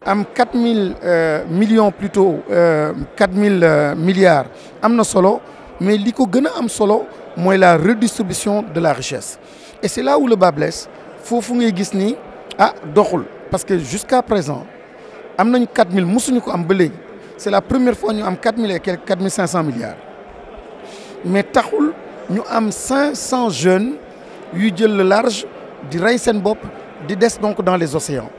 am 4000 euh, millions plutôt 4000 euh, euh, milliards am na solo mais li ko gën a am solo mooy la redistribution de la richesse et c'est la où le bât foofu ngay gis ni ah doxul parce que jusqu'à présent am nañu 4000 mosuñu ko am ba léegi c'est la première fois ñu am 4000 et quelques 4500 milliards mais taxul ñu am 500 jeunes yu jël le large di rey seen bopp di des donc dans les océans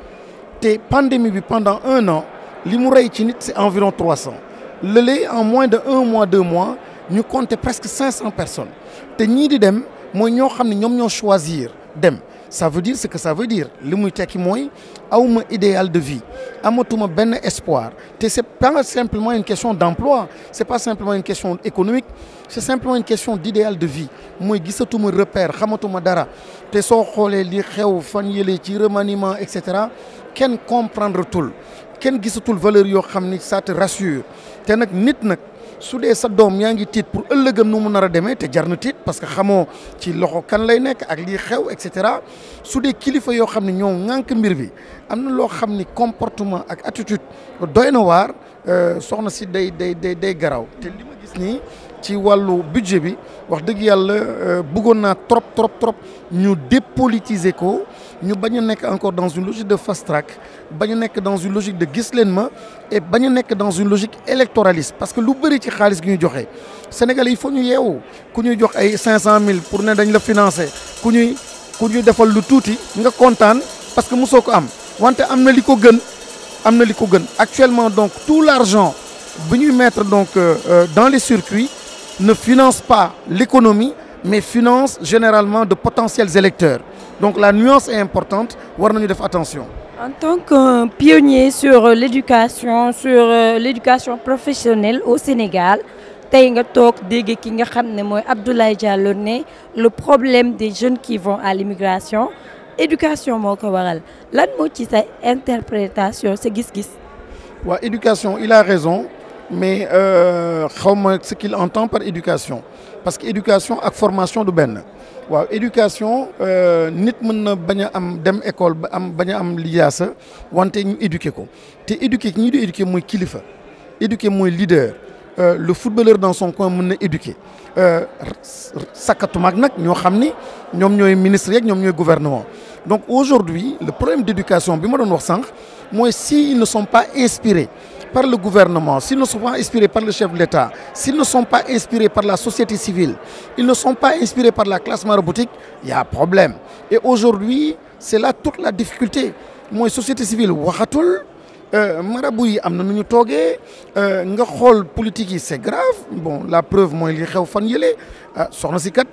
te pandémie bi pendant un an li mu rey ci nit c'est environ trois cent lële en moins de un mois deux mois ñu compter presque cinq cent personnes te ñii di dem mooy ñoo xam ne ñoom ñoo choisir dem ça veut dire ce que ça veut li muy tekki mooy awma idéal de vie amatuma benn espoir te c'est pas simplement une question d'emploi c'est pas simplement une question économique c'est simplement une question d'idéal de vie mooy gisatuma repère xamatuma dara te soo xoolee li xew fan yëlee ci remaniement et cetera kenn comprendre tul kenn gisatul valeur yoo xam ni ça te rassure te nag nit nag su dee sa doom yaa ngi tiit pour ëllëgam nu mu nar a demee te jar na tiit parce que xamoo ci loxo kan lay nekk ak lii xew et cetera su dee kilifa yoo xam ne ñoo ŋànk mbir bi am na loo xam ni comportement ak attitude doy na waar euh, soxna si day day day day garaaw te li gis nii ci wàllu budget bi wax dëgg yàlla euh, bëggoon naa trop trop trop ñu dépolitiser ko ñu bañ a nekk encore dans une logique de fast track bañ nekk dans une logique de gis leen ma et bañ a nekk dans une logique électoraliste parce que lu bëri ci xaalis gi ñu joxe Sénégal il faut ñu yeewu ku ñuy jox ay cinq cent 500000 pour ne dañ la financer ku ñuy ku ñuy defal lu tuuti nga kontaan parce que mosoo ko am wante am na li ko gën am na li ko gën actuellement donc tout l'argent bu ñuy mettre donc euh, euh, dans les circuits. ne finance pas l'économie, mais finance généralement de potentiels électeurs. Donc la nuance est importante, war nañu def attention. En tant que euh, pionnier sur euh, l'éducation, sur euh, l'éducation professionnelle au Sénégal, tey nga toog dégg ki nga xam ne mooy Abdoulaye Diallo ne le problème des jeunes qui vont à l'immigration éducation moo ko la lan moo ci sa interprétation sa gis-gis. waaw éducation il a raison. mais euh, xawma ma ce qu'il entend par éducation parce que éducation ak formation du benn waaw éducation euh, nit mën na bañ am dem école ba am bañ am lijaasa wante ñu éduquer ko te éduquer ki ñu di éduquer mooy kilifa éduquer mooy leader euh, le footballeur dans son coin mën na éduquer sakkatumaak nag ñoo xam ni ñoom ñooy ministre yeeg ñoom ñooy gouvernement donc aujourd'hui le problème d'éducation bi ma doon wax sànq mooy si ils ne sont pas inspirés par le gouvernement, s'ils ne sont pas inspirés par le chef de l'État, s'ils ne sont pas inspirés par la société civile, ils ne sont pas inspirés par la classe maraboutique, il y a un problème. Et aujourd'hui, c'est là toute la difficulté. Moi, société civile, waxatul euh, marabu yi am na nu ñu toogee euh, nga xool politique yi c'est grave bon la preuve mooy li xew fan yële ah, soxna si kat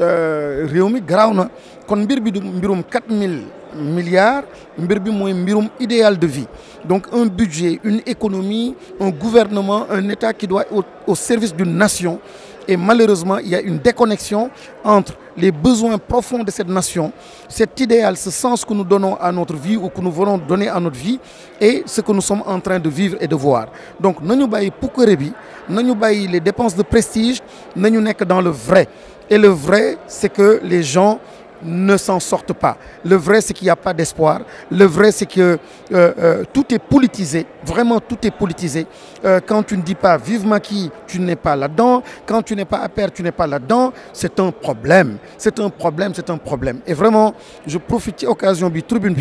euh, réew mi garaaw na kon mbir bi du mbirum 4000. milliards mbir bi mooy mbirum idéal de vie donc un budget une économie un gouvernement un état qui doit être au service d'une nation et malheureusement il y a une déconnexion entre les besoins profonds de cette nation cet idéal ce sens que nous donnons à notre vie ou que nous voulons donner à notre vie et ce que nous sommes en train de vivre et de voir donc nañu bàyyi pukkare bi nañu bàyyi les dépenses de prestige nañu nekk dans le vrai et le vrai c'est que les gens ne s'en sortent pas. Le vrai, c'est qu'il n'y a pas d'espoir. Le vrai, c'est que euh, euh, tout est politisé. Vraiment, tout est politisé. Euh, quand tu ne dis pas vivement qui, tu n'es pas là-dedans. Quand tu n'es pas à pair, tu n'es pas là-dedans. C'est un problème. C'est un problème, c'est un problème. Et vraiment, je profite de l'occasion de tribune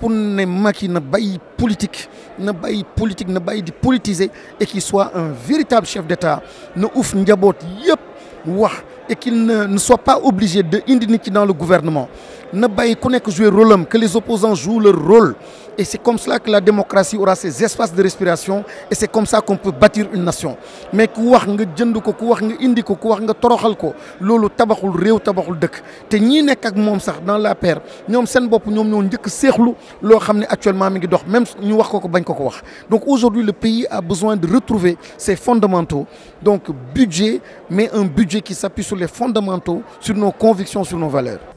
pour ne maki ne politique, ne politique, ne politiser et qu'il soit un véritable chef d'État. Nous ouf, nous yep, wah. et qu'il ne, ne soit pas obligé de indi nit ci dans le gouvernement na bàyyi ku nekk jouer rôle am que les opposants jouent leur rôle et c'est comme cela que la démocratie aura ses espaces de respiration et c'est comme ça qu'on peut bâtir une nation mais ku wax nga jënd ko ku wax nga indi ko ku wax nga toroxal ko loolu tabaxul réew tabaxul dëkk te ñii nekk ak moom sax dans la paire ñoom seen bopp ñoom ñoo njëkk seexlu loo xam ne actuellement mi ngi dox même ñu wax ko ko bañ ko ko wax donc aujourd'hui le pays a besoin de retrouver ses fondamentaux donc budget mais un budget qui s'appuie sur les fondamentaux sur nos convictions sur nos valeurs